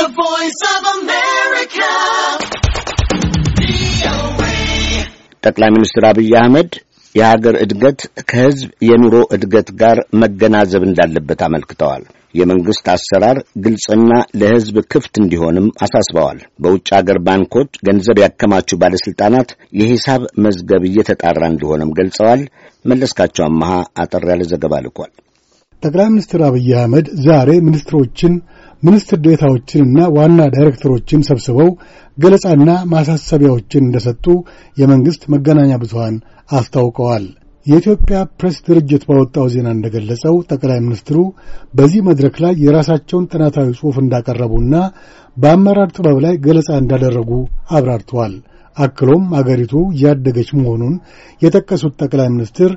The Voice of America. ጠቅላይ ሚኒስትር አብይ አህመድ የሀገር እድገት ከህዝብ የኑሮ እድገት ጋር መገናዘብ እንዳለበት አመልክተዋል። የመንግሥት አሰራር ግልጽና ለሕዝብ ክፍት እንዲሆንም አሳስበዋል። በውጭ አገር ባንኮች ገንዘብ ያከማቹ ባለሥልጣናት የሂሳብ መዝገብ እየተጣራ እንደሆነም ገልጸዋል። መለስካቸው አመሃ አጠር ያለ ዘገባ ልኳል። ጠቅላይ ሚኒስትር አብይ አህመድ ዛሬ ሚኒስትሮችን ሚኒስትር ዴታዎችንና ዋና ዳይሬክተሮችን ሰብስበው ገለጻና ማሳሰቢያዎችን እንደሰጡ የመንግሥት መገናኛ ብዙሃን አስታውቀዋል። የኢትዮጵያ ፕሬስ ድርጅት ባወጣው ዜና እንደገለጸው ጠቅላይ ሚኒስትሩ በዚህ መድረክ ላይ የራሳቸውን ጥናታዊ ጽሑፍ እንዳቀረቡና በአመራር ጥበብ ላይ ገለጻ እንዳደረጉ አብራርተዋል። አክሎም አገሪቱ እያደገች መሆኑን የጠቀሱት ጠቅላይ ሚኒስትር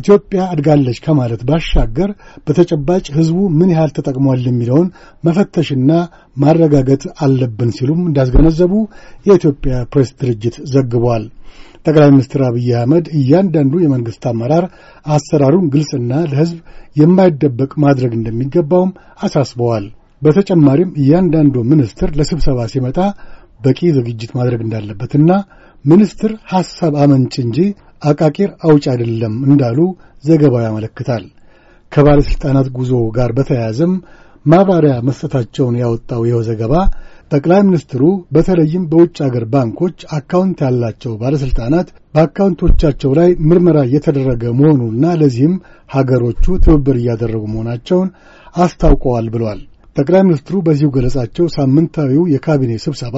ኢትዮጵያ አድጋለች ከማለት ባሻገር በተጨባጭ ሕዝቡ ምን ያህል ተጠቅሟል የሚለውን መፈተሽና ማረጋገጥ አለብን ሲሉም እንዳስገነዘቡ የኢትዮጵያ ፕሬስ ድርጅት ዘግቧል። ጠቅላይ ሚኒስትር አብይ አህመድ እያንዳንዱ የመንግሥት አመራር አሰራሩን ግልጽና ለሕዝብ የማይደበቅ ማድረግ እንደሚገባውም አሳስበዋል። በተጨማሪም እያንዳንዱ ሚኒስትር ለስብሰባ ሲመጣ በቂ ዝግጅት ማድረግ እንዳለበትና ሚኒስትር ሐሳብ አመንጭ እንጂ አቃቂር አውጭ አይደለም እንዳሉ ዘገባው ያመለክታል። ከባለሥልጣናት ጉዞ ጋር በተያያዘም ማብራሪያ መስጠታቸውን ያወጣው ይኸው ዘገባ ጠቅላይ ሚኒስትሩ በተለይም በውጭ አገር ባንኮች አካውንት ያላቸው ባለሥልጣናት በአካውንቶቻቸው ላይ ምርመራ እየተደረገ መሆኑና ለዚህም ሀገሮቹ ትብብር እያደረጉ መሆናቸውን አስታውቀዋል ብሏል። ጠቅላይ ሚኒስትሩ በዚሁ ገለጻቸው ሳምንታዊው የካቢኔ ስብሰባ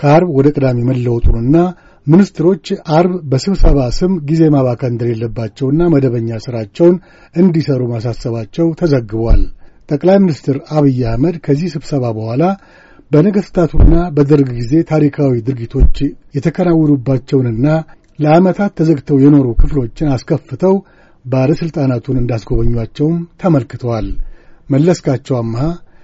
ከአርብ ወደ ቅዳሜ መለወጡንና ሚኒስትሮች አርብ በስብሰባ ስም ጊዜ ማባከን እንደሌለባቸውና መደበኛ ሥራቸውን እንዲሰሩ ማሳሰባቸው ተዘግቧል። ጠቅላይ ሚኒስትር አብይ አህመድ ከዚህ ስብሰባ በኋላ በነገሥታቱና በደርግ ጊዜ ታሪካዊ ድርጊቶች የተከናወኑባቸውንና ለዓመታት ተዘግተው የኖሩ ክፍሎችን አስከፍተው ባለሥልጣናቱን እንዳስጎበኟቸውም ተመልክተዋል። መለስካቸው አምሃ